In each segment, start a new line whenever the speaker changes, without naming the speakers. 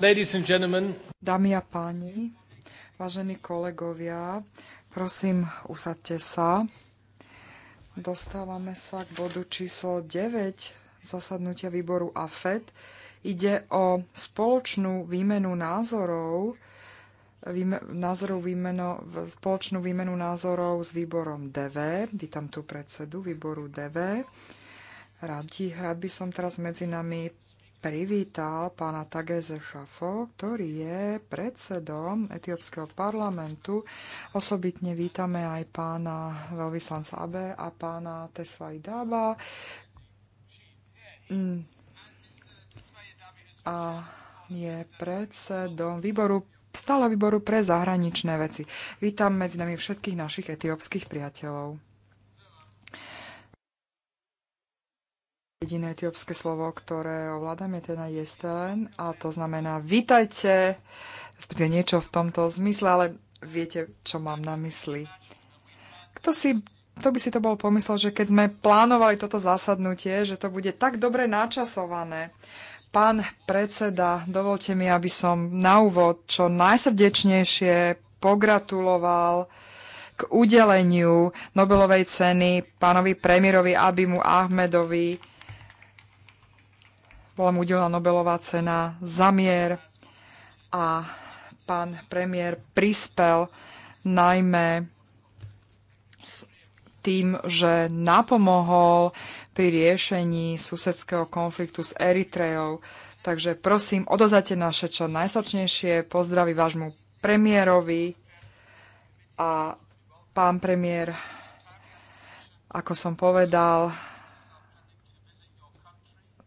Ladies and gentlemen. Dámy a páni, vážení kolegovia, prosím, usadte sa. Dostávame sa k bodu číslo 9 zasadnutia výboru AFED. Ide o spoločnú výmenu názorov, výme, názorov výmeno, spoločnú výmenu názorov s výborom DV. Vítam tu predsedu výboru DV. Rád, rád by som teraz medzi nami privítal pána Tageze Šafo, ktorý je predsedom Etiópskeho parlamentu. Osobitne vítame aj pána veľvyslanca Abe a pána Tesla Idaba. Mm. A je predsedom výboru stále výboru pre zahraničné veci. Vítam medzi nami všetkých našich etiópskych priateľov. Jediné etiópske slovo, ktoré ovládame, je teda jestelen a to znamená vítajte. respektíve niečo v tomto zmysle, ale viete, čo mám na mysli. Kto si to by si to bol pomyslel, že keď sme plánovali toto zasadnutie, že to bude tak dobre načasované. Pán predseda, dovolte mi, aby som na úvod čo najsrdečnejšie pogratuloval k udeleniu Nobelovej ceny pánovi premiérovi Abimu Ahmedovi bola mu udelená Nobelová cena za mier a pán premiér prispel najmä tým, že napomohol pri riešení susedského konfliktu s Eritreou. Takže prosím, odozajte naše čo najsočnejšie pozdravy vášmu premiérovi a pán premiér, ako som povedal,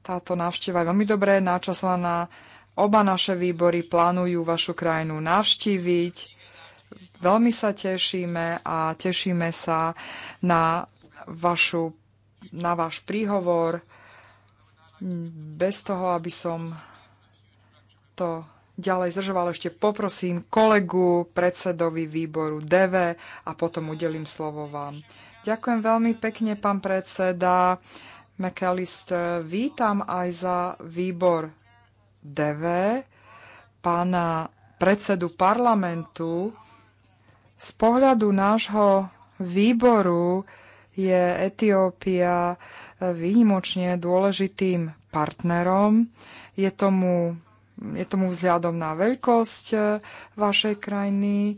táto návšteva je veľmi dobré načasovaná. Oba naše výbory plánujú vašu krajinu navštíviť. Veľmi sa tešíme a tešíme sa na, vašu, na váš príhovor. Bez toho, aby som to ďalej zdržoval, ešte poprosím kolegu, predsedovi výboru DV a potom udelím slovo vám. Ďakujem veľmi pekne, pán predseda. McAllister, vítam aj za výbor DV pána predsedu parlamentu. Z pohľadu nášho výboru je Etiópia eh, výnimočne dôležitým partnerom. Je tomu je tomu vzhľadom na veľkosť eh, vašej krajiny, eh,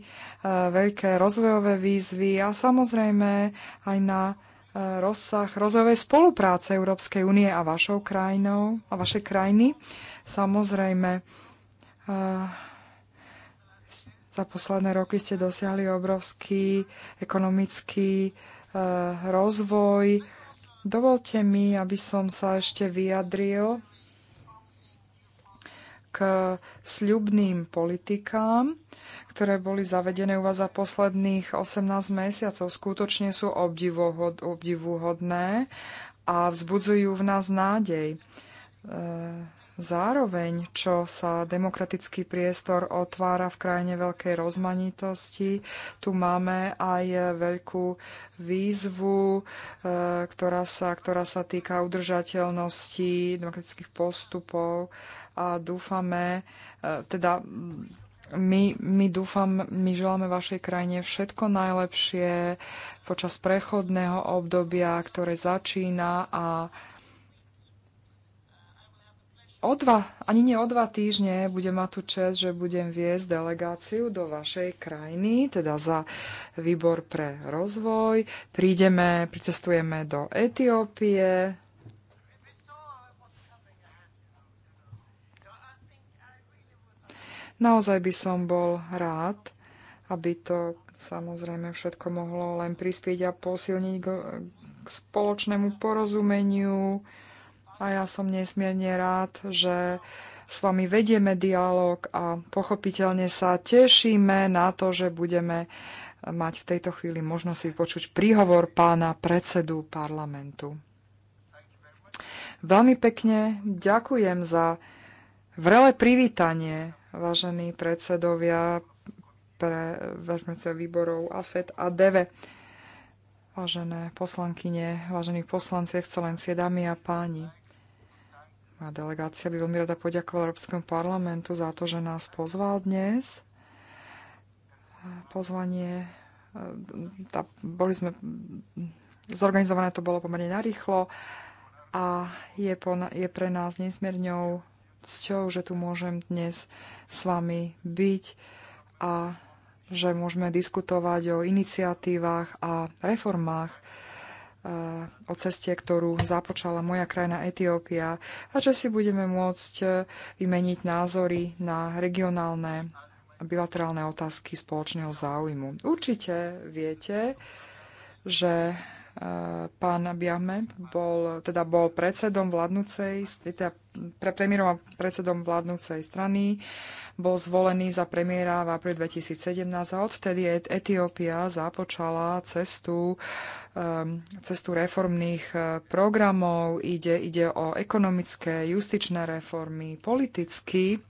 veľké rozvojové výzvy a samozrejme aj na rozsah rozvojovej spolupráce Európskej únie a vašou krajinou a vašej krajiny. Samozrejme, eh, za posledné roky ste dosiahli obrovský ekonomický eh, rozvoj. Dovolte mi, aby som sa ešte vyjadril k sľubným politikám, ktoré boli zavedené u vás za posledných 18 mesiacov, skutočne sú obdivuhodné a vzbudzujú v nás nádej. E, zároveň, čo sa demokratický priestor otvára v krajine veľkej rozmanitosti, tu máme aj veľkú výzvu, e, ktorá sa, ktorá sa týka udržateľnosti demokratických postupov a dúfame, e, teda my, my dúfam, my želáme vašej krajine všetko najlepšie počas prechodného obdobia, ktoré začína a o dva, ani nie o dva týždne budem mať tú čest, že budem viesť delegáciu do vašej krajiny, teda za výbor pre rozvoj. Prídeme, pricestujeme do Etiópie. Naozaj by som bol rád, aby to samozrejme všetko mohlo len prispieť a posilniť k spoločnému porozumeniu, a ja som nesmierne rád, že s vami vedieme dialog a pochopiteľne sa tešíme na to, že budeme mať v tejto chvíli možnosť si počuť príhovor pána predsedu parlamentu. Veľmi pekne ďakujem za vrele privítanie, vážení predsedovia pre vrchnice výborov AFED a DEVE. Vážené poslankyne, vážení poslanci, excelencie, dámy a páni. Moja delegácia by veľmi rada poďakovala Európskemu parlamentu za to, že nás pozval dnes. Pozvanie, e, tá, boli sme, zorganizované to bolo pomerne narýchlo a je, po, je pre nás nesmierňou cťou, že tu môžem dnes s vami byť a že môžeme diskutovať o iniciatívach a reformách, o ceste, ktorú započala moja krajina Etiópia a že si budeme môcť e, vymeniť názory na regionálne a bilaterálne otázky spoločného záujmu. Určite viete, že pán Biahmed bol, teda bol predsedom vládnucej, teda pre premiérom a predsedom vládnucej strany, bol zvolený za premiéra v apríli 2017 a odtedy e- Etiópia započala cestu, um, cestu reformných uh, programov, ide, ide o ekonomické, justičné reformy, politicky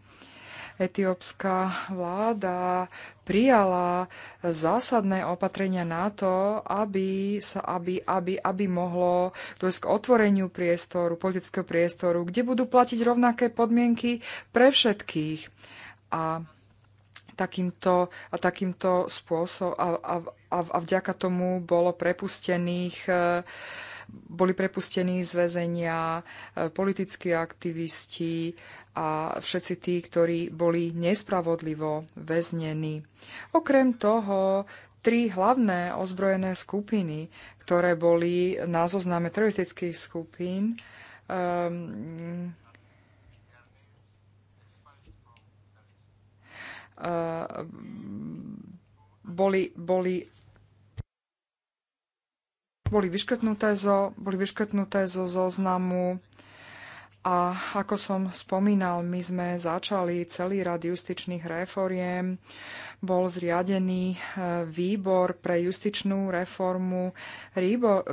etiópska vláda prijala zásadné opatrenia na to, aby, sa, aby, aby, aby mohlo dôjsť k otvoreniu priestoru, politického priestoru, kde budú platiť rovnaké podmienky pre všetkých. A takýmto, a takýmto spôsobom a, a, a, a vďaka tomu bolo prepustených e, boli prepustení z väzenia e, politickí aktivisti a všetci tí, ktorí boli nespravodlivo väznení. Okrem toho, tri hlavné ozbrojené skupiny, ktoré boli na zozname teroristických skupín, um, boli, boli boli vyškrtnuté zo, boli vyškrtnuté zo zoznamu a ako som spomínal, my sme začali celý rad justičných reforiem. Bol zriadený e, výbor pre justičnú reformu.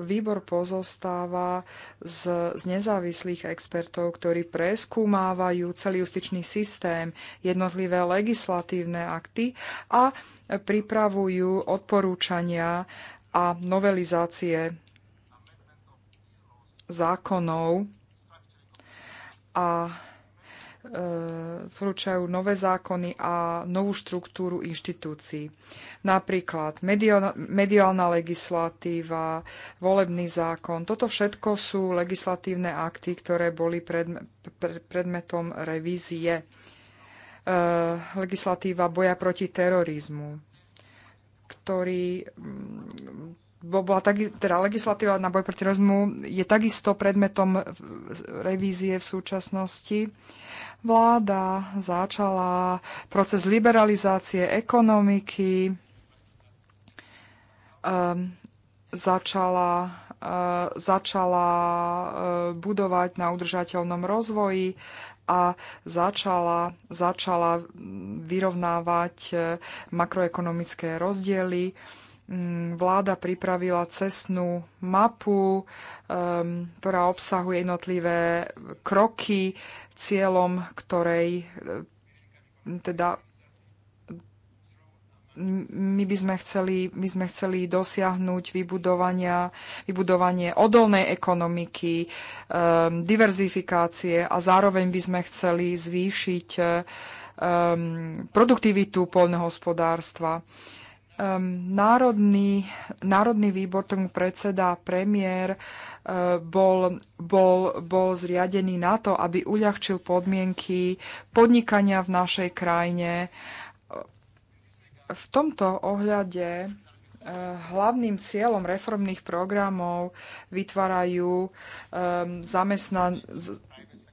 Výbor pozostáva z, z nezávislých expertov, ktorí preskúmávajú celý justičný systém, jednotlivé legislatívne akty a pripravujú odporúčania a novelizácie zákonov a e, porúčajú nové zákony a novú štruktúru inštitúcií. Napríklad mediálna legislatíva, volebný zákon. Toto všetko sú legislatívne akty, ktoré boli predmetom revízie. E, legislatíva boja proti terorizmu, ktorý, bola tak, teda legislatíva na boj proti rozmu je takisto predmetom revízie v súčasnosti. Vláda začala proces liberalizácie ekonomiky, um, začala, uh, začala uh, budovať na udržateľnom rozvoji a začala, začala vyrovnávať eh, makroekonomické rozdiely. Uh, Mm, vláda pripravila cestnú mapu, ehm, ktorá obsahuje jednotlivé kroky, cieľom ktorej e, teda my by sme chceli, my sme chceli dosiahnuť vybudovania, vybudovanie odolnej ekonomiky, um, diverzifikácie a zároveň by sme chceli zvýšiť um, produktivitu poľnohospodárstva um, národný, národný výbor, tomu predseda premiér, uh, bol, bol, bol zriadený na to, aby uľahčil podmienky podnikania v našej krajine. V tomto ohľade uh, hlavným cieľom reformných programov vytvárajú um, zamestnan-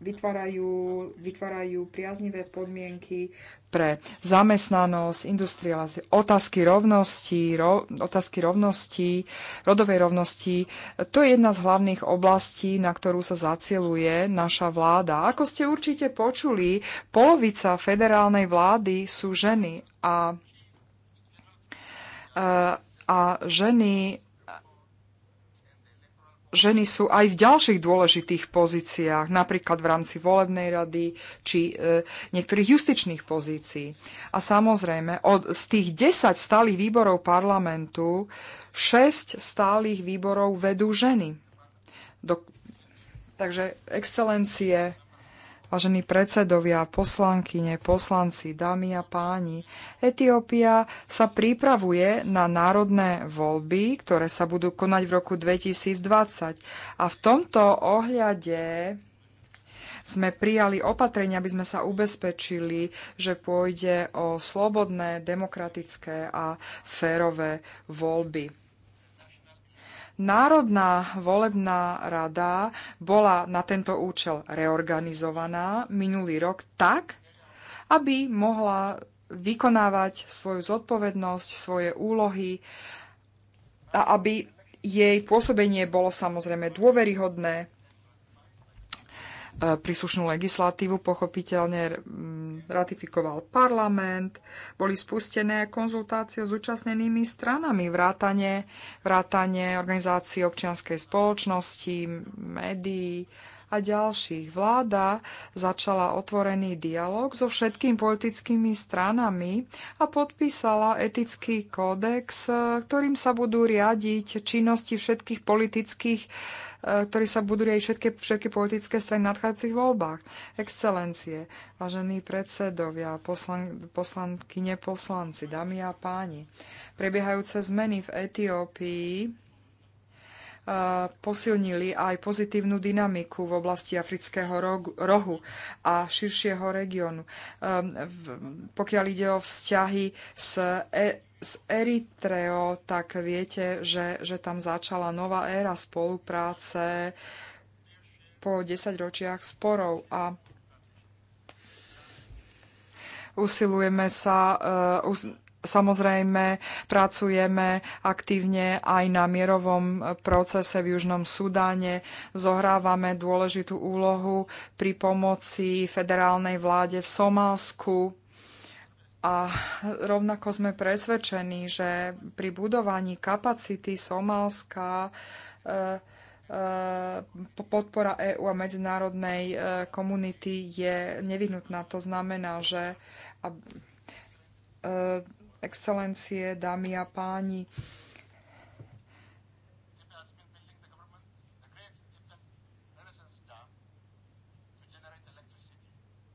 vytvárajú, vytvárajú priaznivé podmienky pre zamestnanosť, industrializáciu, otázky rovnosti, ro, otázky rovnosti, rodovej rovnosti. To je jedna z hlavných oblastí, na ktorú sa zacieluje naša vláda. Ako ste určite počuli, polovica federálnej vlády sú ženy a, a, a ženy ženy sú aj v ďalších dôležitých pozíciách, napríklad v rámci volebnej rady či e, niektorých justičných pozícií. A samozrejme, od, z tých 10 stálych výborov parlamentu 6 stálych výborov vedú ženy. Do, takže excelencie, Vážení predsedovia, poslankyne, poslanci, dámy a páni, Etiópia sa pripravuje na národné voľby, ktoré sa budú konať v roku 2020. A v tomto ohľade sme prijali opatrenia, aby sme sa ubezpečili, že pôjde o slobodné, demokratické a férové voľby. Národná volebná rada bola na tento účel reorganizovaná minulý rok tak, aby mohla vykonávať svoju zodpovednosť, svoje úlohy a aby jej pôsobenie bolo samozrejme dôveryhodné E, príslušnú legislatívu pochopiteľne ratifikoval parlament, boli spustené konzultácie s účastnenými stranami, vrátanie, vrátanie organizácií občianskej spoločnosti, médií a ďalších. Vláda začala otvorený dialog so všetkými politickými stranami a podpísala etický kódex, e, ktorým sa budú riadiť činnosti všetkých politických Eh, ktorý sa budú aj všetky, všetky politické strany v nadchádzajúcich voľbách. Excelencie, vážení predsedovia, poslan, poslankyne, poslanci, dámy a páni, prebiehajúce zmeny v Etiópii eh, posilnili aj pozitívnu dynamiku v oblasti afrického rohu a širšieho regiónu. Eh, pokiaľ ide o vzťahy s e- z Eritreo, tak viete, že, že tam začala nová éra spolupráce po 10 ročiach sporov a usilujeme sa, uh, us- samozrejme pracujeme aktívne aj na mierovom eh, procese v Južnom Sudáne, zohrávame dôležitú úlohu pri pomoci federálnej vláde v Somálsku a rovnako sme presvedčení, že pri budovaní kapacity Somálska e, e podpora EÚ a medzinárodnej e, komunity je nevyhnutná. To znamená, že e, excelencie, dámy a páni,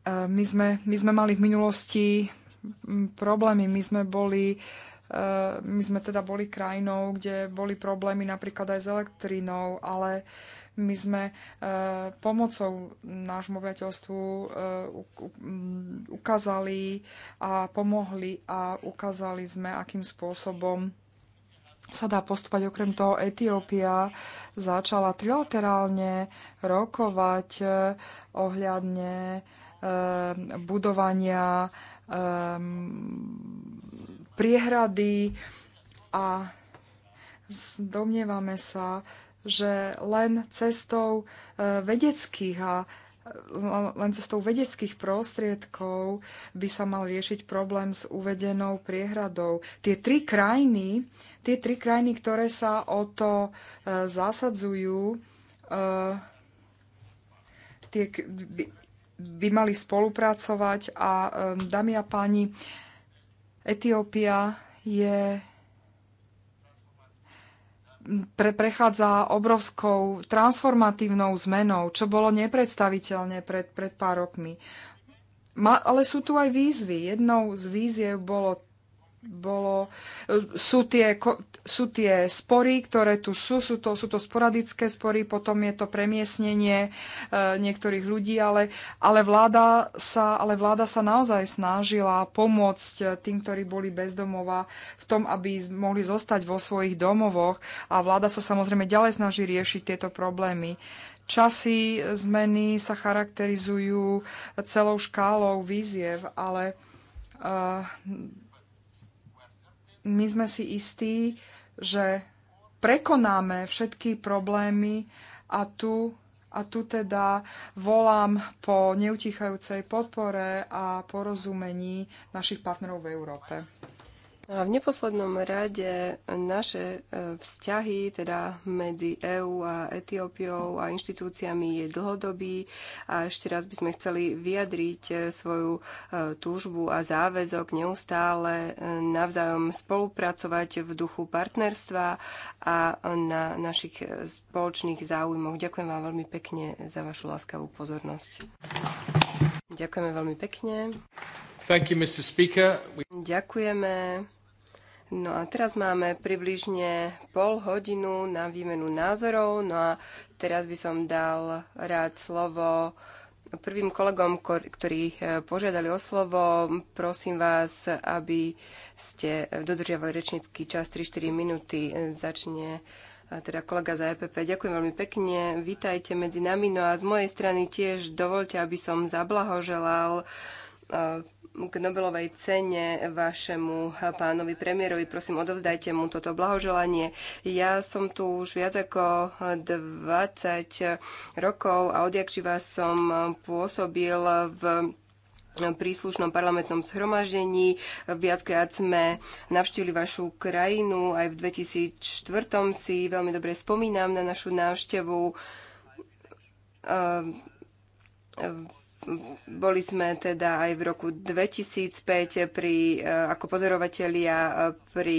my sme, my sme mali v minulosti problémy. My sme boli e, my sme teda boli krajinou, kde boli problémy napríklad aj s elektrínou, ale my sme e, pomocou nášmu obyvateľstvu e, ukázali a pomohli a ukázali sme, akým spôsobom sa dá postúpať. Okrem toho Etiópia začala trilaterálne rokovať ohľadne budovania um, priehrady a domnievame sa, že len cestou eh, vedeckých a eh, len cestou vedeckých prostriedkov by sa mal riešiť problém s uvedenou priehradou. Tie tri krajiny, tie tri krajiny, ktoré sa o to eh, zasadzujú, tie, by mali spolupracovať a dámy a páni, Etiópia je pre, prechádza obrovskou transformatívnou zmenou, čo bolo nepredstaviteľné pred, pred pár rokmi. Ma, ale sú tu aj výzvy. Jednou z výziev bolo bolo, e, sú tie, sú tie spory, ktoré tu sú, sú to, sú to sporadické spory, potom je to premiesnenie e, niektorých ľudí, ale, ale, vláda sa, ale vláda sa naozaj snažila pomôcť tým, ktorí boli bez domova v tom, aby mohli zostať vo svojich domovoch a vláda sa samozrejme ďalej snaží riešiť tieto problémy. Časy zmeny sa charakterizujú celou škálou výziev, ale uh, my sme si istí, že prekonáme všetky problémy a tu, a tu teda volám po neutichajúcej podpore a porozumení našich partnerov v Európe. No a v neposlednom rade
naše e, vzťahy teda medzi EÚ a Etiópiou a inštitúciami je dlhodobý a ešte raz by sme chceli vyjadriť e, svoju e, túžbu a záväzok neustále navzájom spolupracovať v duchu partnerstva a na našich spoločných záujmoch. Ďakujem vám veľmi pekne za vašu láskavú pozornosť. Ďakujeme veľmi pekne.
You, We...
Ďakujeme. No a teraz máme približne pol hodinu na výmenu názorov. No a teraz by som dal rád slovo prvým kolegom, ktorí eh, požiadali o slovo. Prosím vás, aby ste dodržiavali rečnícky čas 3-4 minúty. Začne a eh, teda kolega za EPP. Ďakujem veľmi pekne, vítajte medzi nami. No a z mojej strany tiež dovolte, aby som zablahoželal k Nobelovej cene vašemu pánovi premiérovi. Prosím, odovzdajte mu toto blahoželanie. Ja som tu už viac ako 20 rokov a odjakživa som pôsobil v príslušnom parlamentnom zhromaždení. Viackrát sme navštívili vašu krajinu. Aj v 2004 si veľmi dobre spomínam na našu návštevu ehm, ehm, boli sme teda aj v roku 2005 pri, e, ako pozorovatelia e, pri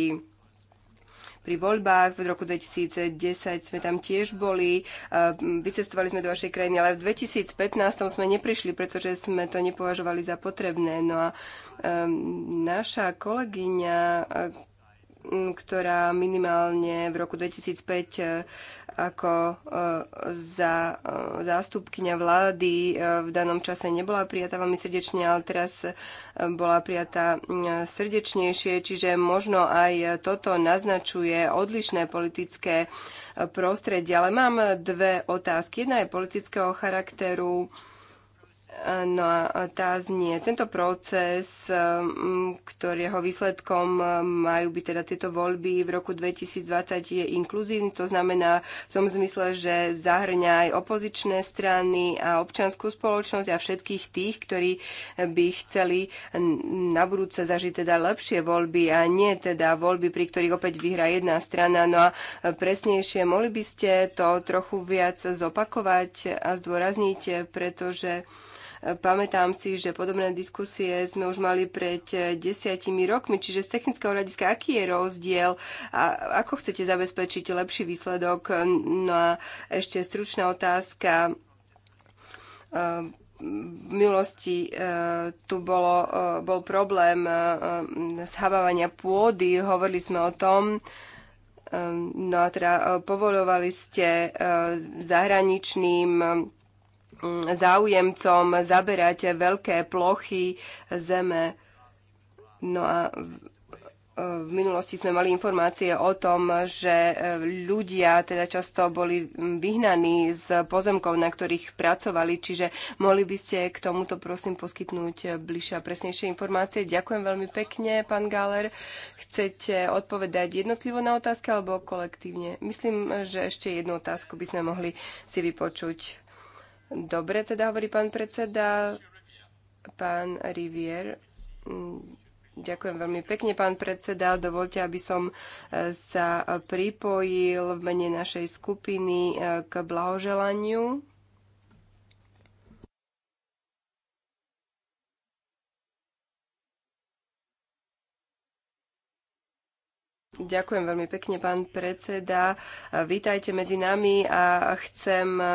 pri voľbách v roku 2010 sme tam tiež boli, e, vycestovali sme do vašej krajiny, ale v 2015 sme neprišli, pretože sme to nepovažovali za potrebné. No a naša kolegyňa, ktorá minimálne v roku 2005 ako e, za e, zástupkyňa vlády e, v danom čase nebola prijatá veľmi srdečne, ale teraz bola prijatá srdečnejšie, čiže možno aj toto naznačuje odlišné politické prostredie. Ale mám dve otázky. Jedna je politického charakteru. No a tá znie, tento proces, um, ktorého výsledkom um, majú byť teda tieto voľby v roku 2020 je inkluzívny, to znamená v tom zmysle, že zahrňa aj opozičné strany a občianskú spoločnosť a všetkých tých, ktorí by chceli na budúce zažiť teda lepšie voľby a nie teda voľby, pri ktorých opäť vyhrá jedna strana. No a presnejšie, mohli by ste to trochu viac zopakovať a zdôrazniť, pretože Pamätám si, že podobné diskusie sme už mali pred eh, desiatimi rokmi, čiže z technického hľadiska, aký je rozdiel a ako chcete zabezpečiť lepší výsledok? No a ešte stručná otázka eh, v minulosti eh, tu bolo, bol problém zhabávania pôdy, hovorili sme o tom, ehm, no a teda povolovali ste zahraničným Mm, záujemcom zaberať veľké plochy zeme. No a v minulosti sme mali informácie o tom, že e, ľudia teda často boli vyhnaní z pozemkov, na ktorých pracovali, čiže mohli by ste k tomuto prosím poskytnúť e, bližšie a presnejšie informácie. Ďakujem veľmi pekne, pán Galer. Chcete odpovedať jednotlivo na otázky alebo kolektívne? Myslím, že ešte jednu otázku by sme mohli si vypočuť. Dobre, teda hovorí pán predseda, pán Rivier. Ďakujem veľmi pekne, pán predseda. Dovolte, aby som e, sa pripojil v mene našej skupiny e, k blahoželaniu Ďakujem veľmi pekne, pán predseda. Vítajte medzi nami a chcem eh,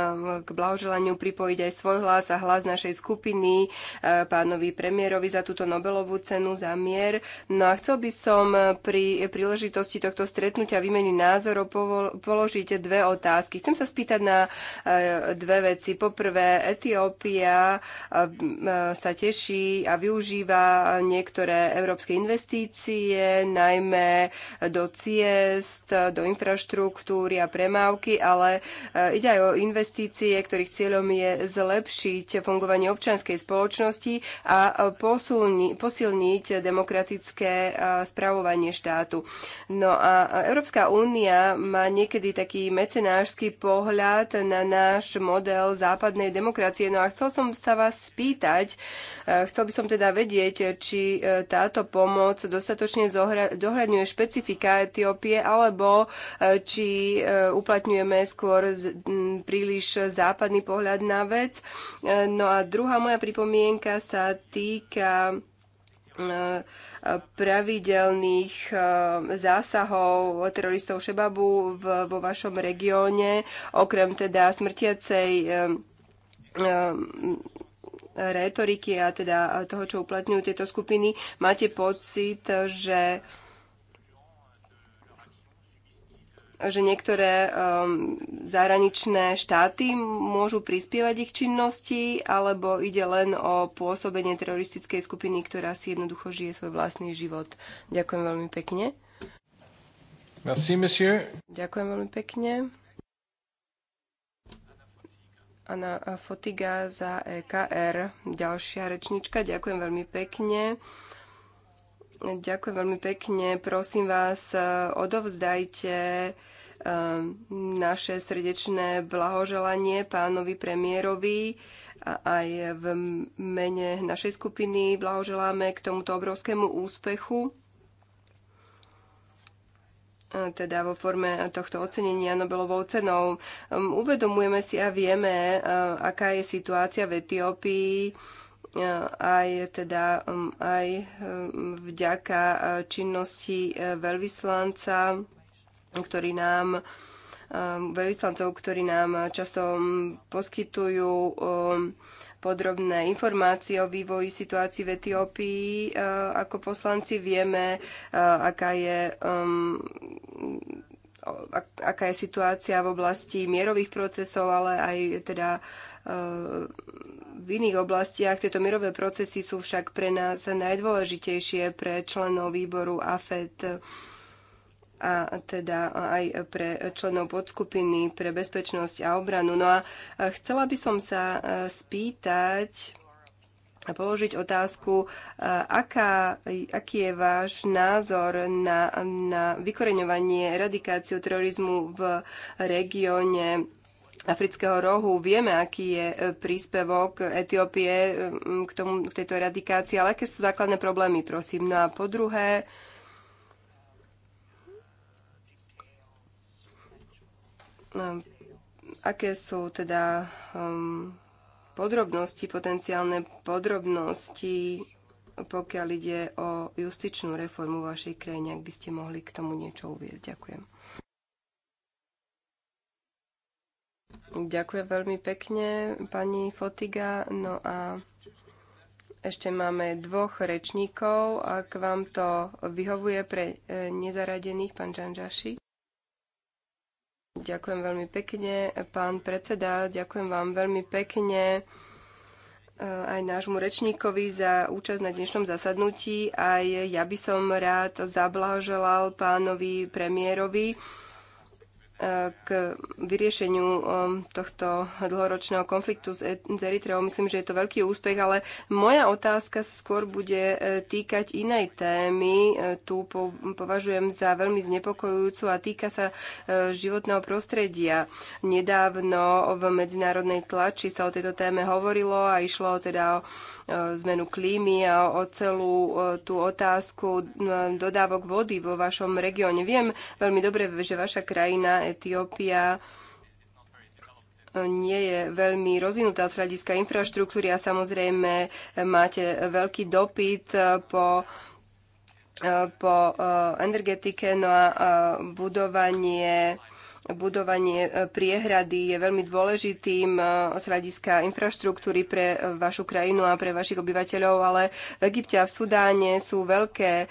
k blahoželaniu pripojiť aj svoj hlas a hlas našej skupiny eh, pánovi premiérovi za túto Nobelovú cenu za mier. No a chcel by som eh, pri príležitosti tohto stretnutia výmeny názorov položiť dve otázky. Chcem sa spýtať na dve veci. Poprvé, Etiópia sa teší a využíva niektoré európske investície, najmä do ciest, do infraštruktúry a premávky, ale eh, ide aj o investície, ktorých cieľom je zlepšiť fungovanie občianskej spoločnosti a eh, posilniť demokratické eh, spravovanie štátu. No a Európska únia má niekedy taký mecenášsky pohľad na náš model západnej demokracie. No a chcel som sa vás spýtať, chcel by som teda vedieť, či táto pomoc dostatočne dohľadňuje špecifiky týka Etiópie, alebo e, či e, uplatňujeme skôr príliš západný pohľad na vec. E, no a druhá moja pripomienka sa týka pravidelných zásahov teroristov Šebabu vo vašom regióne, okrem teda smrtiacej rétoriky a teda toho, čo uplatňujú tieto skupiny. Máte pocit, že že niektoré um, zahraničné štáty môžu prispievať ich činnosti, alebo ide len o pôsobenie teroristickej skupiny, ktorá si jednoducho žije svoj vlastný život. Ďakujem veľmi pekne.
Merci, monsieur.
Ďakujem veľmi pekne. Anna Fotiga za EKR, ďalšia rečnička. Ďakujem veľmi pekne. Ďakujem veľmi pekne. Prosím vás, e, odovzdajte e, naše srdečné blahoželanie pánovi premiérovi a aj v mene našej skupiny blahoželáme k tomuto obrovskému úspechu teda vo forme tohto ocenenia Nobelovou cenou. Uvedomujeme si a vieme, e, aká je situácia v Etiópii aj teda um, aj um, vďaka uh, činnosti uh, veľvyslanca, ktorý nám um, veľvyslancov, ktorí nám často poskytujú podrobné informácie o vývoji situácií v Etiópii. Uh, ako poslanci vieme, aká je aká je situácia v oblasti mierových procesov, ale aj teda v iných oblastiach. Tieto mirové procesy sú však pre nás najdôležitejšie pre členov výboru AFET a teda aj pre členov podskupiny pre bezpečnosť a obranu. No a chcela by som sa e, spýtať a položiť otázku, e, aká, aký je váš názor na, na vykoreňovanie, eradikáciu terorizmu v regióne afrického rohu. Vieme, aký je e, príspevok Etiópie e, k, tomu, k tejto eradikácii, ale aké sú základné problémy, prosím. No a po druhé, no, aké sú teda um, podrobnosti, potenciálne podrobnosti, pokiaľ ide o justičnú reformu vašej krajine, ak by ste mohli k tomu niečo uvieť. Ďakujem. Ďakujem veľmi pekne, pani Fotiga. No a ešte máme dvoch rečníkov. Ak vám to vyhovuje pre e, nezaradených, pán Žanžaši. Ďakujem veľmi pekne. Pán predseda, ďakujem vám veľmi pekne e, aj nášmu rečníkovi za účasť na dnešnom zasadnutí. Aj ja by som rád zablážal pánovi premiérovi k vyriešeniu um, tohto dlhoročného konfliktu e- s Eritreou. Myslím, že je to veľký úspech, ale moja otázka sa skôr bude e, týkať inej témy. E, tu považujem za veľmi znepokojujúcu a týka sa životného prostredia. Nedávno v medzinárodnej tlači sa o tejto téme hovorilo a išlo teda o E, zmenu klímy a o celú e, tú otázku e, dodávok vody vo vašom regióne. Viem veľmi dobre, že vaša krajina, Etiópia, nie je veľmi rozvinutá z hľadiska infraštruktúry a samozrejme máte veľký dopyt po po energetike, no a budovanie budovanie e, priehrady je veľmi dôležitým e, z hľadiska infraštruktúry pre e, vašu krajinu a pre vašich obyvateľov, ale v Egypte a v Sudáne sú veľké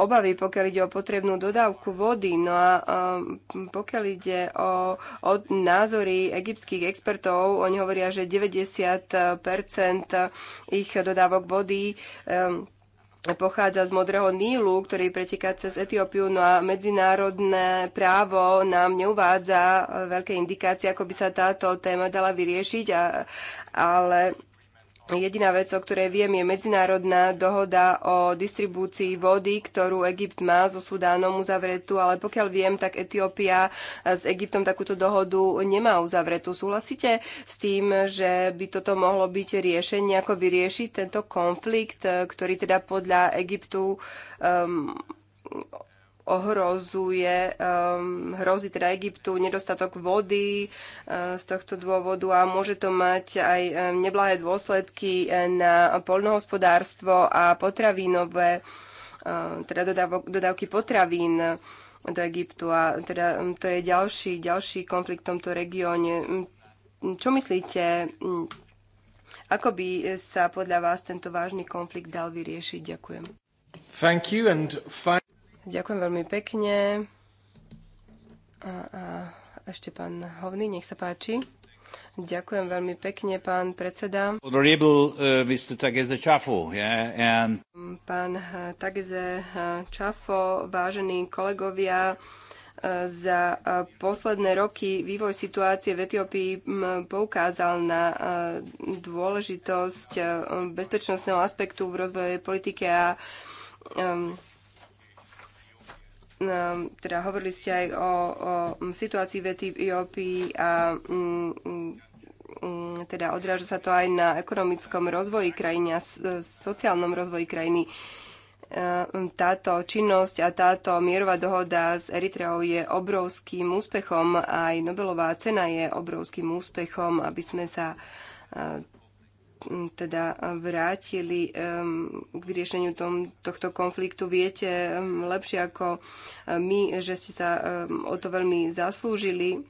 obavy, pokiaľ ide o potrebnú dodávku vody. No a pokiaľ ide o, o názory egyptských expertov, oni hovoria, že 90 ich dodávok vody um, pochádza z Modrého Nílu, ktorý preteká cez Etiópiu, no a medzinárodné právo nám neuvádza e, veľké indikácie, ako by sa táto téma dala vyriešiť, a, ale Jediná vec, o ktorej viem, je medzinárodná dohoda o distribúcii vody, ktorú Egypt má so Sudánom uzavretú, ale pokiaľ viem, tak Etiópia s Egyptom takúto dohodu nemá uzavretú. Súhlasíte s tým, že by toto mohlo byť riešenie, ako vyriešiť tento konflikt, ktorý teda podľa Egyptu um, ohrozuje, um, hrozí teda Egyptu nedostatok vody uh, z tohto dôvodu a môže to mať aj um, neblahé dôsledky uh, na poľnohospodárstvo a potravínové uh, teda dodávok, dodávky potravín do Egyptu a teda um, to je ďalší, ďalší konflikt v tomto regióne. Um, čo myslíte, um, ako by sa podľa vás tento vážny konflikt dal vyriešiť? Ďakujem. Thank you and fine. Ďakujem veľmi pekne. A, a ešte pán Hovný, nech sa páči. Ďakujem veľmi pekne, pán predseda. Uh, pán uh, Tageze Čafo, uh, vážení kolegovia, za posledné roky vývoj situácie v Etiópii mm, poukázal na dôležitosť bezpečnostného aspektu v rozvojovej politike a um, Ehm, teda hovorili ste aj o, o mm, situácii v Etiópii a mm, mm, teda odráža sa to aj na ekonomickom rozvoji krajiny a sociálnom rozvoji krajiny. Ehm, táto činnosť a táto mierová dohoda s Eritreou je obrovským úspechom, aj Nobelová cena je obrovským úspechom, aby sme sa eh, teda vrátili k vyriešeniu tom, tohto konfliktu. Viete lepšie ako my, že ste sa o to veľmi zaslúžili,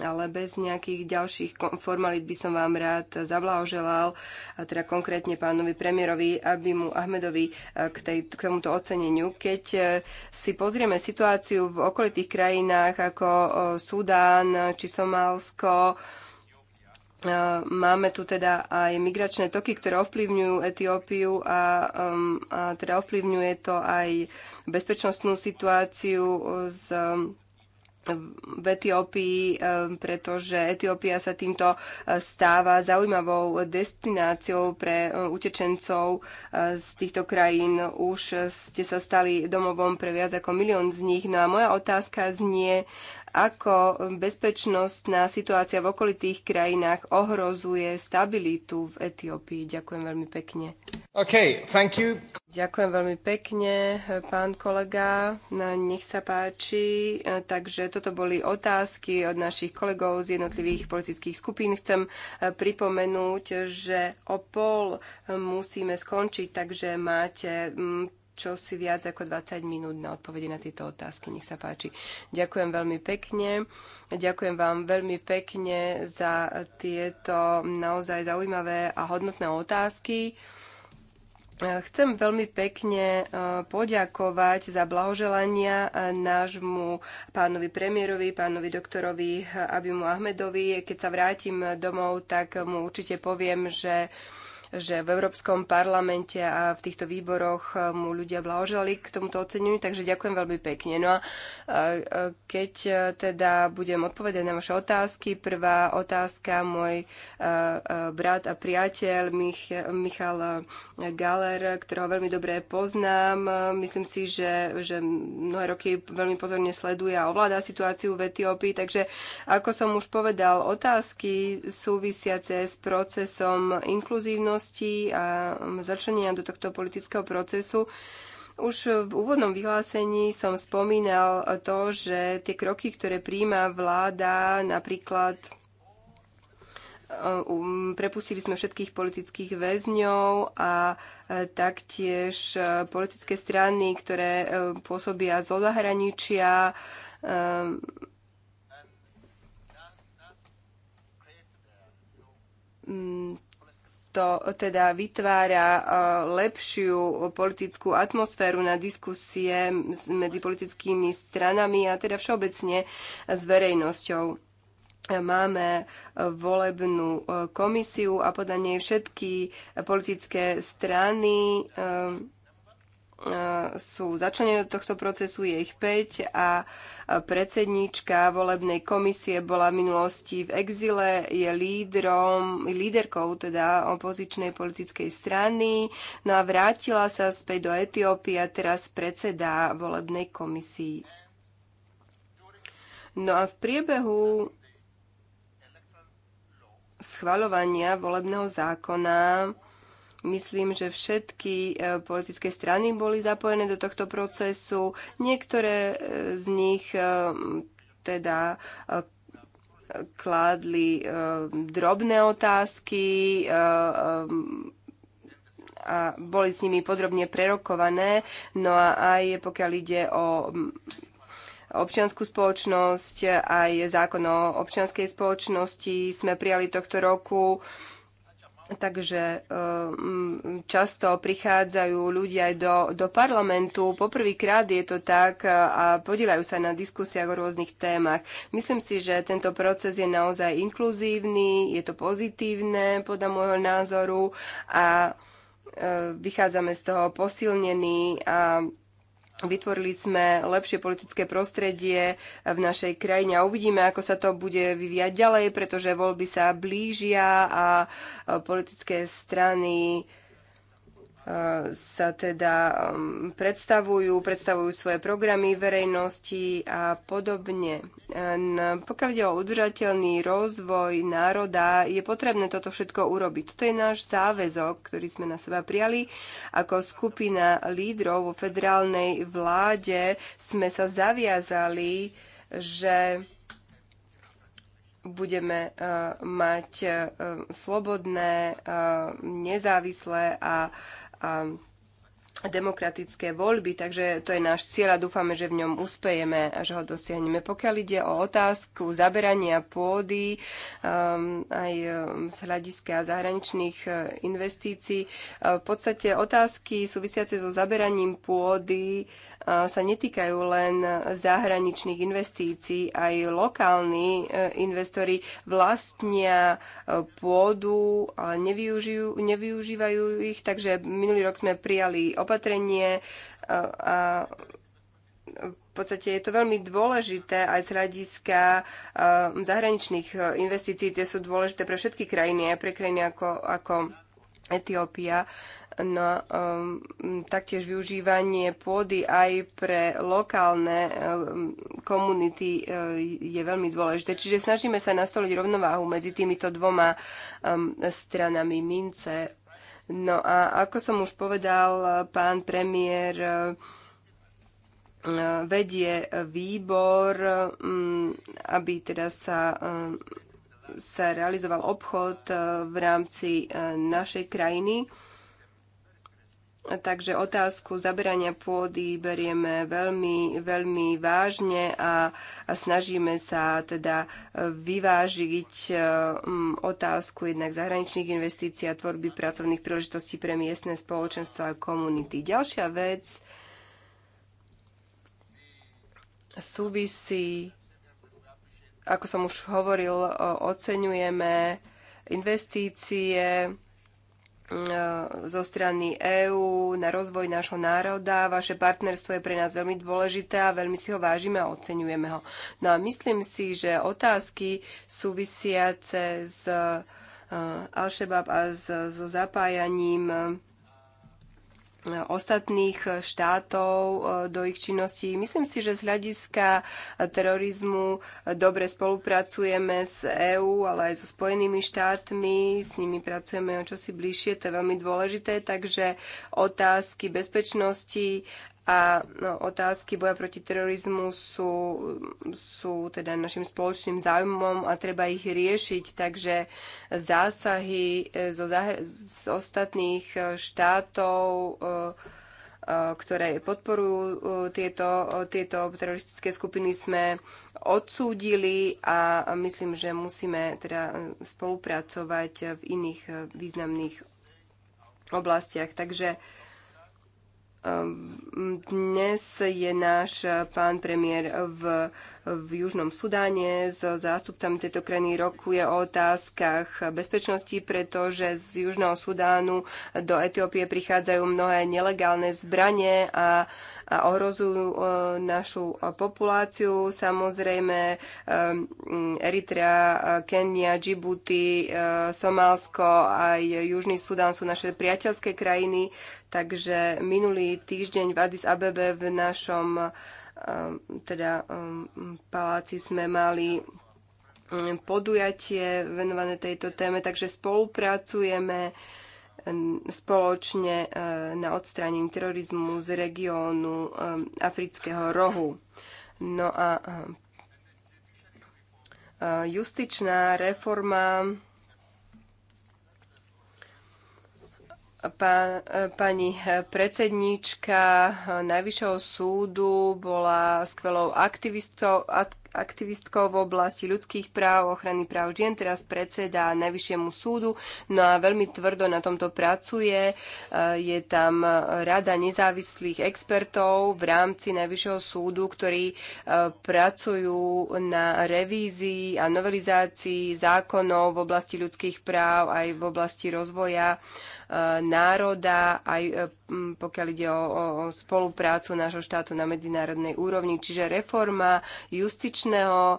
ale bez nejakých ďalších formalít by som vám rád zablahoželal, teda konkrétne pánovi premiérovi Abimu Ahmedovi e, k, tej, k tomuto oceneniu. Keď e, si pozrieme situáciu v okolitých krajinách ako e, Sudán či Somálsko, Máme tu teda aj migračné toky, ktoré ovplyvňujú Etiópiu a, um, a teda ovplyvňuje to aj bezpečnostnú situáciu z, um, v Etiópii, um, pretože Etiópia sa týmto uh, stáva zaujímavou destináciou pre uh, utečencov uh, z týchto krajín. Už ste sa stali domovom pre viac ako milión z nich. No a moja otázka znie, ako bezpečnostná situácia v okolitých krajinách ohrozuje stabilitu v Etiópii. Ďakujem veľmi pekne. Okay, thank you. Ďakujem veľmi pekne, pán kolega. Nech sa páči. Takže toto boli otázky od našich kolegov z jednotlivých politických skupín. Chcem eh, pripomenúť, že o pol musíme skončiť, takže máte mm, čo si viac ako 20 minút na odpovede na tieto otázky. Nech sa páči. Ďakujem veľmi pekne. Ďakujem vám veľmi pekne za tieto naozaj zaujímavé a hodnotné otázky. Chcem veľmi pekne e, poďakovať za blahoželania e, nášmu pánovi premiérovi, pánovi doktorovi e, Abimu Ahmedovi. Keď sa vrátim domov, tak mu určite poviem, že že v Európskom parlamente a v týchto výboroch eh, mu ľudia blahoželali k tomuto oceneniu, takže ďakujem veľmi pekne. No a eh, keď eh, teda budem odpovedať na vaše otázky, prvá otázka, môj brat a priateľ Mich- Michal Galer, ktorého veľmi dobre poznám, myslím si, že, že mnohé roky veľmi pozorne sleduje a ovláda situáciu v Etiópii, takže ako som už povedal, otázky súvisiace s procesom inkluzívnosti činnosti a mm, začlenenia do tohto politického procesu. Už v úvodnom vyhlásení som spomínal to, že tie kroky, ktoré príjma vláda, napríklad e, um, prepustili sme všetkých politických väzňov a e, taktiež e, politické strany, ktoré pôsobia zo zahraničia, mm, to teda vytvára e, lepšiu politickú atmosféru na diskusie medzi politickými stranami a teda všeobecne s verejnosťou máme e, volebnú e, komisiu a podľa nej všetky politické strany E, sú začlenené do tohto procesu, je ich 5 a predsednička volebnej komisie bola v minulosti v exile, je lídrom, líderkou teda opozičnej politickej strany, no a vrátila sa späť do Etiópie a teraz predseda volebnej komisii. No a v priebehu schvaľovania volebného zákona Myslím, že všetky e, politické strany boli zapojené do tohto procesu. Niektoré e, z nich e, teda kládli drobné otázky a boli s nimi podrobne prerokované. No a aj pokiaľ ide o občianskú spoločnosť, aj zákon o občianskej spoločnosti sme prijali tohto roku. Takže ehm, často prichádzajú ľudia aj do, do parlamentu. Poprvýkrát je to tak e, a podielajú sa na diskusiách o rôznych témach. Myslím si, že tento proces je naozaj inkluzívny, je to pozitívne podľa môjho názoru a e, vychádzame z toho posilnení a Vytvorili sme lepšie politické prostredie v našej krajine a uvidíme, ako sa to bude vyvíjať ďalej, pretože voľby sa blížia a politické strany sa teda um, predstavujú, predstavujú svoje programy verejnosti a podobne. Pokiaľ ide o udržateľný rozvoj národa, je potrebné toto všetko urobiť. Toto je náš záväzok, ktorý sme na seba prijali. Ako skupina lídrov vo federálnej vláde sme sa zaviazali, že budeme uh, mať uh, slobodné, uh, nezávislé a a demokratické voľby, takže to je náš cieľ a dúfame, že v ňom uspejeme a že ho dosiahneme. Pokiaľ ide o otázku zaberania pôdy um, aj um, z hľadiska zahraničných uh, investícií, uh, v podstate otázky súvisiace so zaberaním pôdy sa netýkajú len zahraničných investícií. Aj lokálni e, investori vlastnia e, pôdu a nevyužívajú ich, takže minulý rok sme prijali opatrenie e, a v podstate je to veľmi dôležité aj z hľadiska zahraničných investícií, tie sú dôležité pre všetky krajiny, aj pre krajiny ako, ako Etiópia na no, um, taktiež využívanie pôdy aj pre lokálne um, komunity um, je veľmi dôležité. Čiže snažíme sa nastoliť rovnováhu medzi týmito dvoma um, stranami mince. No a ako som už povedal, pán premiér uh, vedie výbor, um, aby teda sa um, sa realizoval obchod uh, v rámci našej krajiny. Takže otázku zaberania pôdy berieme veľmi, veľmi vážne a, a snažíme sa teda e, vyvážiť e, otázku jednak zahraničných investícií a tvorby pracovných príležitostí pre miestne spoločenstva a komunity. Ďalšia vec súvisí, ako som už hovoril, oceňujeme investície E, zo strany EÚ na rozvoj nášho národa. Vaše partnerstvo je pre nás veľmi dôležité a veľmi si ho vážime a oceňujeme ho. No a myslím si, že otázky súvisiace s e, Al-Shabaab a so zapájaním ostatných štátov e, do ich činností. Myslím si, že z hľadiska terorizmu dobre spolupracujeme s EÚ, ale aj so Spojenými štátmi. S nimi pracujeme o čosi bližšie, to je veľmi dôležité. Takže otázky bezpečnosti a no, otázky boja proti terorizmu sú, sú teda našim spoločným záujmom a treba ich riešiť. Takže zásahy e, zo zahr- z ostatných e, štátov, e, ktoré podporujú tieto, tieto teroristické skupiny, sme odsúdili a myslím, že musíme teda spolupracovať v iných významných oblastiach. Takže Ehm, dnes je náš pán premiér v, v Južnom Sudáne. S zástupcami tejto krajiny rokuje o otázkach bezpečnosti, pretože z Južného Sudánu do Etiópie prichádzajú mnohé nelegálne zbranie a a ohrozujú e, našu e, populáciu. Samozrejme e, Eritrea, Kenia, Djibouti, Somálsko aj Južný Sudán sú naše priateľské krajiny, takže minulý týždeň v Addis Abebe v našom teda paláci sme mali podujatie venované tejto téme, takže spolupracujeme spoločne e, na odstránení terorizmu z regiónu e, Afrického rohu. No a e, justičná reforma pani predsedníčka Najvyššieho súdu bola skvelou aktivistkou, aktivistkou v oblasti ľudských práv, ochrany práv žien, teraz predseda Najvyššiemu súdu, no a veľmi tvrdo na tomto pracuje. E, je tam rada nezávislých expertov v rámci Najvyššieho súdu, ktorí e, pracujú na revízii a novelizácii zákonov v oblasti ľudských práv aj v oblasti rozvoja národa, aj e, pokiaľ ide o, o spoluprácu nášho štátu na medzinárodnej úrovni. Čiže reforma justičného e,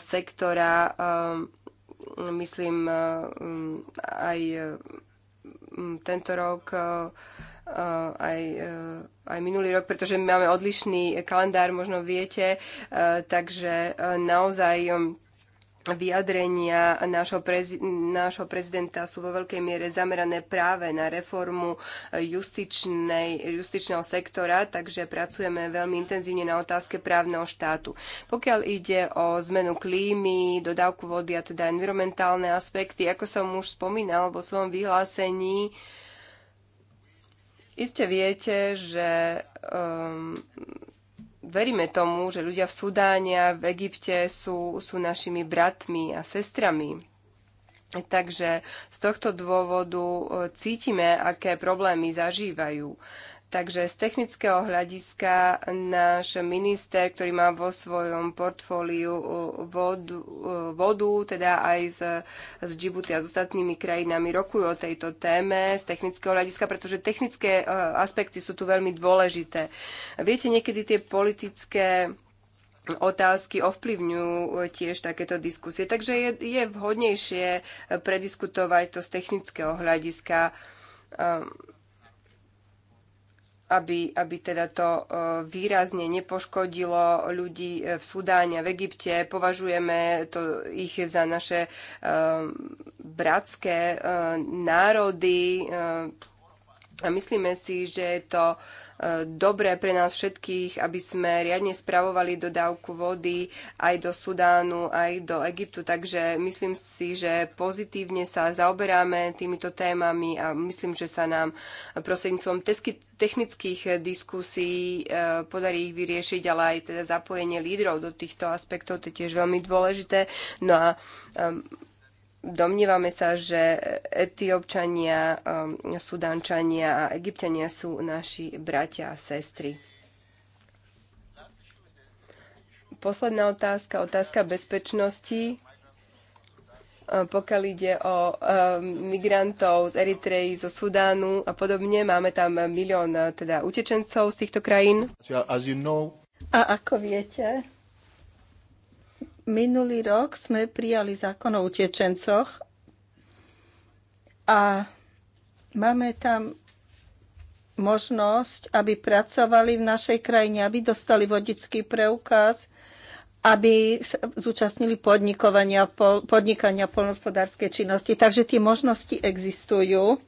sektora, e, myslím, aj tento rok aj, aj minulý rok, pretože my máme odlišný kalendár, možno viete, takže naozaj vyjadrenia nášho, prez, nášho prezidenta sú vo veľkej miere zamerané práve na reformu eh, justičnej, justičného sektora, takže pracujeme veľmi intenzívne na otázke právneho štátu. Pokiaľ ide o zmenu klímy, dodávku vody a teda environmentálne aspekty, ako som už spomínal vo svojom vyhlásení, Iste viete, že um, veríme tomu, že ľudia v Sudáne a v Egypte sú, sú našimi bratmi a sestrami. Takže z tohto dôvodu e, cítime, aké problémy zažívajú. Takže z technického hľadiska náš minister, ktorý má vo svojom portfóliu uh, vodu, uh, vodu teda aj z, z Džibuti a s ostatnými krajinami, rokujú o tejto téme z technického hľadiska, pretože technické uh, aspekty sú tu veľmi dôležité. Viete, niekedy tie politické otázky ovplyvňujú tiež takéto diskusie. Takže je, je vhodnejšie prediskutovať to z technického hľadiska. Um, aby, aby teda to e, výrazne nepoškodilo ľudí e, v Sudáne, v Egypte. Považujeme to ich za naše e, bratské národy a myslíme si, že je to dobré pre nás všetkých, aby sme riadne spravovali dodávku vody aj do Sudánu, aj do Egyptu. Takže myslím si, že pozitívne sa zaoberáme týmito témami a myslím, že sa nám prostredníctvom technických diskusí e, podarí ich vyriešiť, ale aj teda zapojenie lídrov do týchto aspektov, to je tiež veľmi dôležité. No a e, Domnívame sa, že Etiópčania, um, Sudančania a Egyptiania sú naši bratia a sestry. Posledná otázka, otázka bezpečnosti uh, pokiaľ ide o um, migrantov z Eritreji, zo Sudánu a podobne. Máme tam milión
uh, teda utečencov z týchto krajín. A ako viete, Minulý rok sme prijali zákon o utečencoch a máme tam možnosť, aby pracovali v našej krajine, aby dostali vodický preukaz, aby zúčastnili podnikovania, podnikania polnospodárskej činnosti. Takže tie možnosti existujú.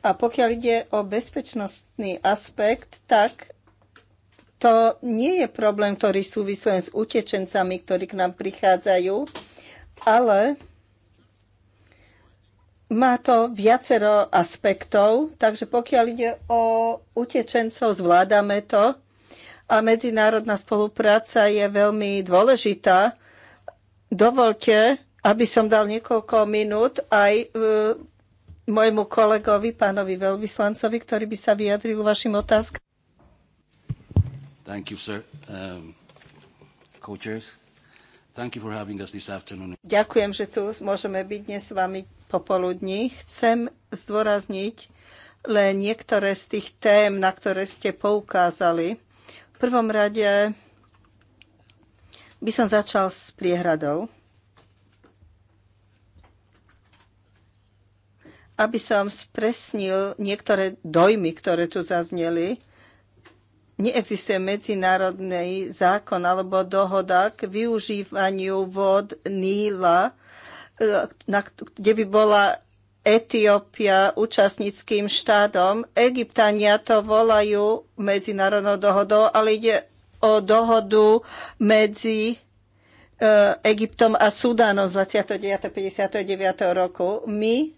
A pokiaľ ide o bezpečnostný aspekt, tak to nie je problém, ktorý súvisí s utečencami, ktorí k nám prichádzajú, ale má to viacero aspektov, takže pokiaľ ide o utečencov, zvládame to a medzinárodná spolupráca je veľmi dôležitá. Dovolte, aby som dal niekoľko minút aj e, môjmu kolegovi, pánovi veľvyslancovi, ktorý by sa vyjadril vašim otázkam. Thank you, sir. Um, co-chairs. Thank you for having us this afternoon. Ďakujem, že tu môžeme byť dnes s vami popoludní. Chcem zdôrazniť len niektoré z tých tém, na ktoré ste poukázali. V prvom rade by som začal s priehradou. Aby som spresnil niektoré dojmy, ktoré tu zazneli, neexistuje medzinárodný zákon alebo dohoda k využívaniu vod Níla, e, kde by bola Etiópia účastníckým štátom. Egyptania to volajú medzinárodnou dohodou, ale ide o dohodu medzi e, Egyptom a Sudánom z 29. 59. roku. My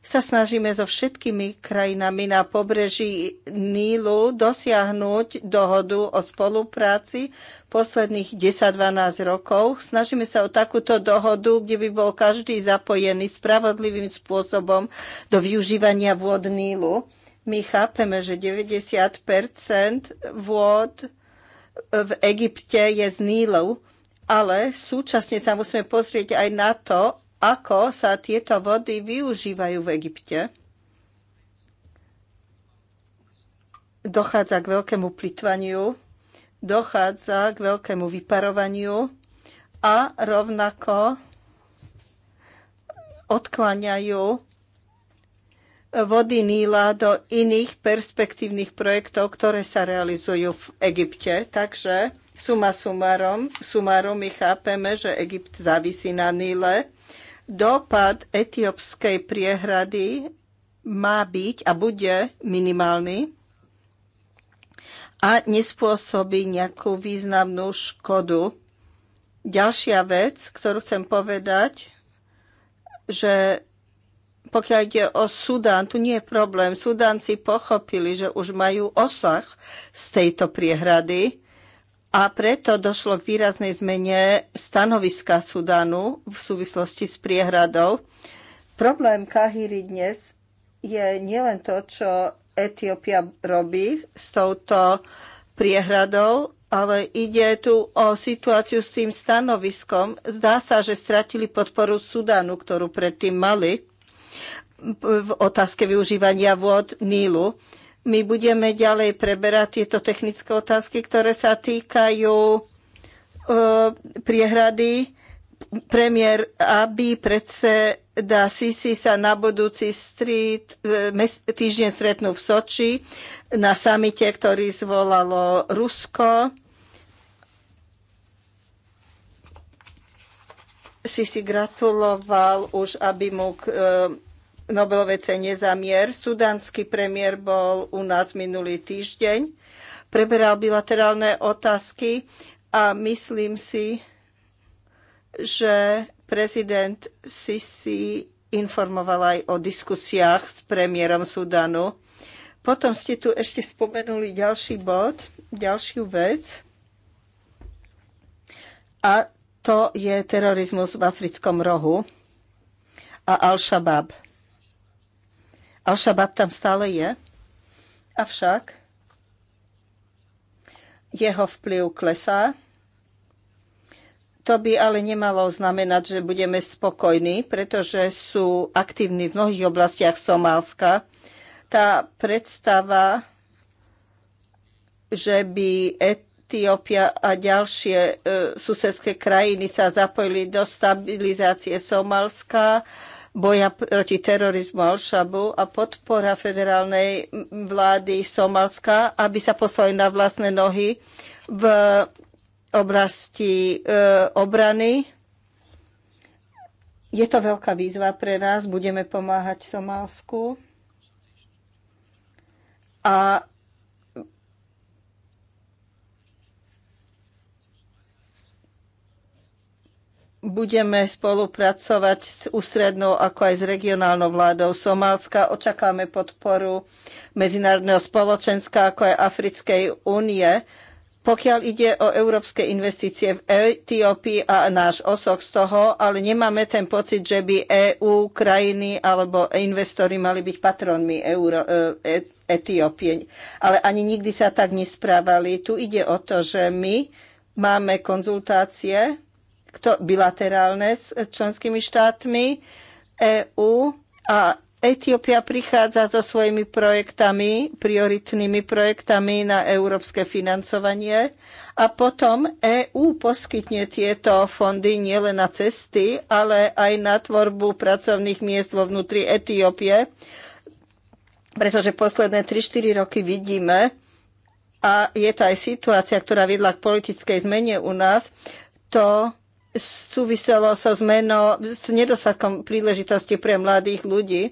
sa snažíme so všetkými krajinami na pobreží Nílu dosiahnuť dohodu o spolupráci posledných 10-12 rokov. Snažíme sa o takúto dohodu, kde by bol každý zapojený spravodlivým spôsobom do využívania vôd Nílu. My chápeme, že 90 vôd v Egypte je z Nílu ale súčasne sa musíme pozrieť aj na to, ako sa tieto vody využívajú v Egypte. Dochádza k veľkému plitvaniu, dochádza k veľkému vyparovaniu a rovnako odkláňajú vody Níla do iných perspektívnych projektov, ktoré sa realizujú v Egypte. Takže suma sumarom, sumarom my chápeme, že Egypt závisí na Níle Dopad etiópskej priehrady má byť a bude minimálny a nespôsobí nejakú významnú škodu. Ďalšia vec, ktorú chcem povedať, že pokiaľ ide o Sudán, tu nie je problém. Sudánci pochopili, že už majú osah z tejto priehrady a preto došlo k výraznej zmene stanoviska Sudanu v súvislosti s priehradou. Problém Kahíry dnes je nielen to, čo Etiópia robí s touto priehradou, ale ide tu o situáciu s tým stanoviskom. Zdá sa, že stratili podporu Sudanu, ktorú predtým mali v otázke využívania vôd Nílu. My budeme ďalej preberať tieto technické otázky, ktoré sa týkajú e, priehrady. Premiér Aby predseda Sisi sa na budúci street, e, týždeň stretnú v Soči na samite, ktorý zvolalo Rusko. Sisi gratuloval už aby k e, Nobelovej cene za mier. Sudánsky premiér bol u nás minulý týždeň, preberal bilaterálne otázky a myslím si, že prezident Sisi informoval aj o diskusiách s premiérom Sudanu. Potom ste tu ešte spomenuli ďalší bod, ďalšiu vec. A to je terorizmus v africkom rohu a Al-Shabaab. Al-Shabaab tam stále je, avšak jeho vplyv klesá. To by ale nemalo znamenať, že budeme spokojní, pretože sú aktívni v mnohých oblastiach Somálska. Tá predstava, že by Etiópia a ďalšie e, susedské krajiny sa zapojili do stabilizácie Somálska, e, boja proti terorizmu Al-Shabu a podpora federálnej vlády Somalska, aby sa poslali na vlastné nohy v oblasti e, obrany. Je to veľká výzva pre nás, budeme pomáhať Somálsku. A budeme spolupracovať s ústrednou ako aj s regionálnou vládou Somálska. Očakáme podporu medzinárodného spoločenska ako aj Africkej únie. Pokiaľ ide o európske investície v Etiópii a náš osok z toho, ale nemáme ten pocit, že by EÚ, krajiny alebo investori mali byť patronmi Euro, e, e, Etiópie. Ale ani nikdy sa tak nesprávali. Tu ide o to, že my máme konzultácie kto, bilaterálne s členskými štátmi EÚ a Etiópia prichádza so svojimi projektami, prioritnými projektami na európske financovanie a potom EÚ poskytne tieto fondy nielen na cesty, ale aj na tvorbu pracovných miest vo vnútri Etiópie, pretože posledné 3-4 roky vidíme, a je to aj situácia, ktorá vedla k politickej zmene u nás, to súviselo so zmenou, s nedostatkom príležitosti pre mladých ľudí.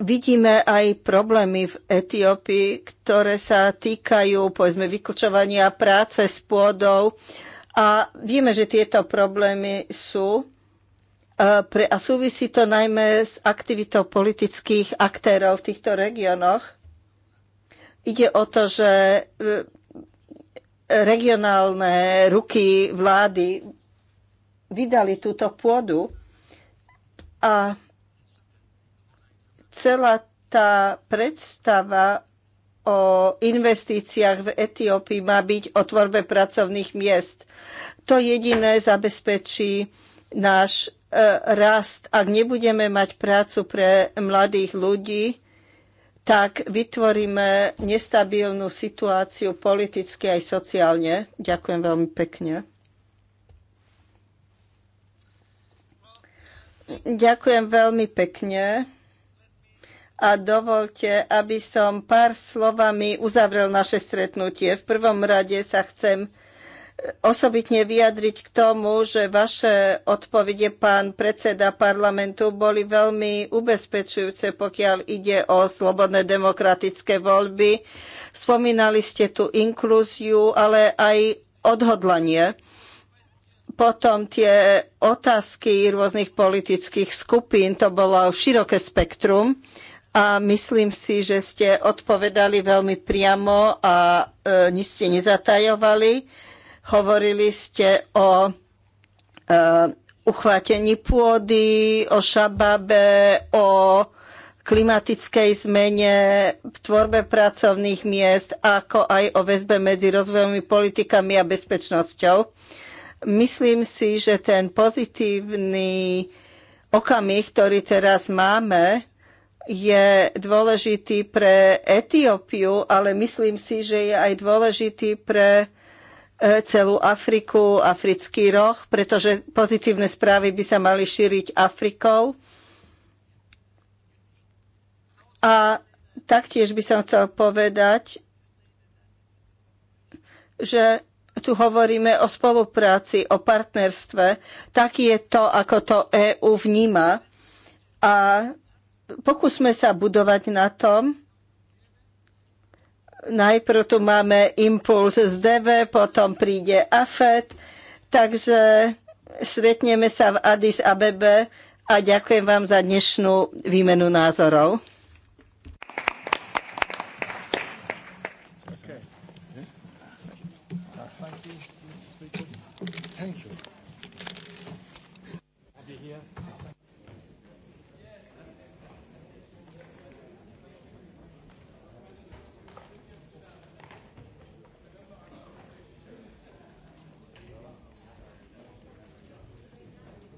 Vidíme aj problémy v Etiópii, ktoré sa týkajú, povedzme, vyklčovania práce s pôdou. A vieme, že tieto problémy sú e, a súvisí to najmä s aktivitou politických aktérov v týchto regiónoch. Ide o to, že e, regionálne ruky vlády vydali túto pôdu a celá tá predstava o investíciách v Etiópii má byť o tvorbe pracovných miest. To jediné zabezpečí náš e, rast. Ak nebudeme mať prácu pre mladých ľudí, tak vytvoríme nestabilnú situáciu politicky aj sociálne. Ďakujem veľmi pekne. Ďakujem veľmi pekne. A dovolte, aby som pár slovami uzavrel naše stretnutie. V prvom rade sa chcem osobitne vyjadriť k tomu, že vaše odpovede, pán predseda parlamentu, boli veľmi ubezpečujúce, pokiaľ ide o slobodné demokratické voľby. Spomínali ste tu inklúziu, ale aj odhodlanie. Potom tie otázky rôznych politických skupín, to bolo široké spektrum a myslím si, že ste odpovedali veľmi priamo a e, nič ste nezatajovali Hovorili ste o e, uchvátení pôdy, o šababe, o klimatickej zmene, v tvorbe pracovných miest, ako aj o väzbe medzi rozvojovými politikami a bezpečnosťou. Myslím si, že ten pozitívny okamih, ktorý teraz máme, je dôležitý pre Etiópiu, ale myslím si, že je aj dôležitý pre E, celú Afriku, africký roh, pretože pozitívne správy by sa mali šíriť Afrikou. A taktiež by som chcel povedať, že tu hovoríme o spolupráci, o partnerstve. Tak je to, ako to EÚ vníma. A pokúsme sa budovať na tom, najprv tu máme impuls z DV, potom príde AFET, takže stretneme sa v Addis Abebe a ďakujem vám za dnešnú výmenu názorov.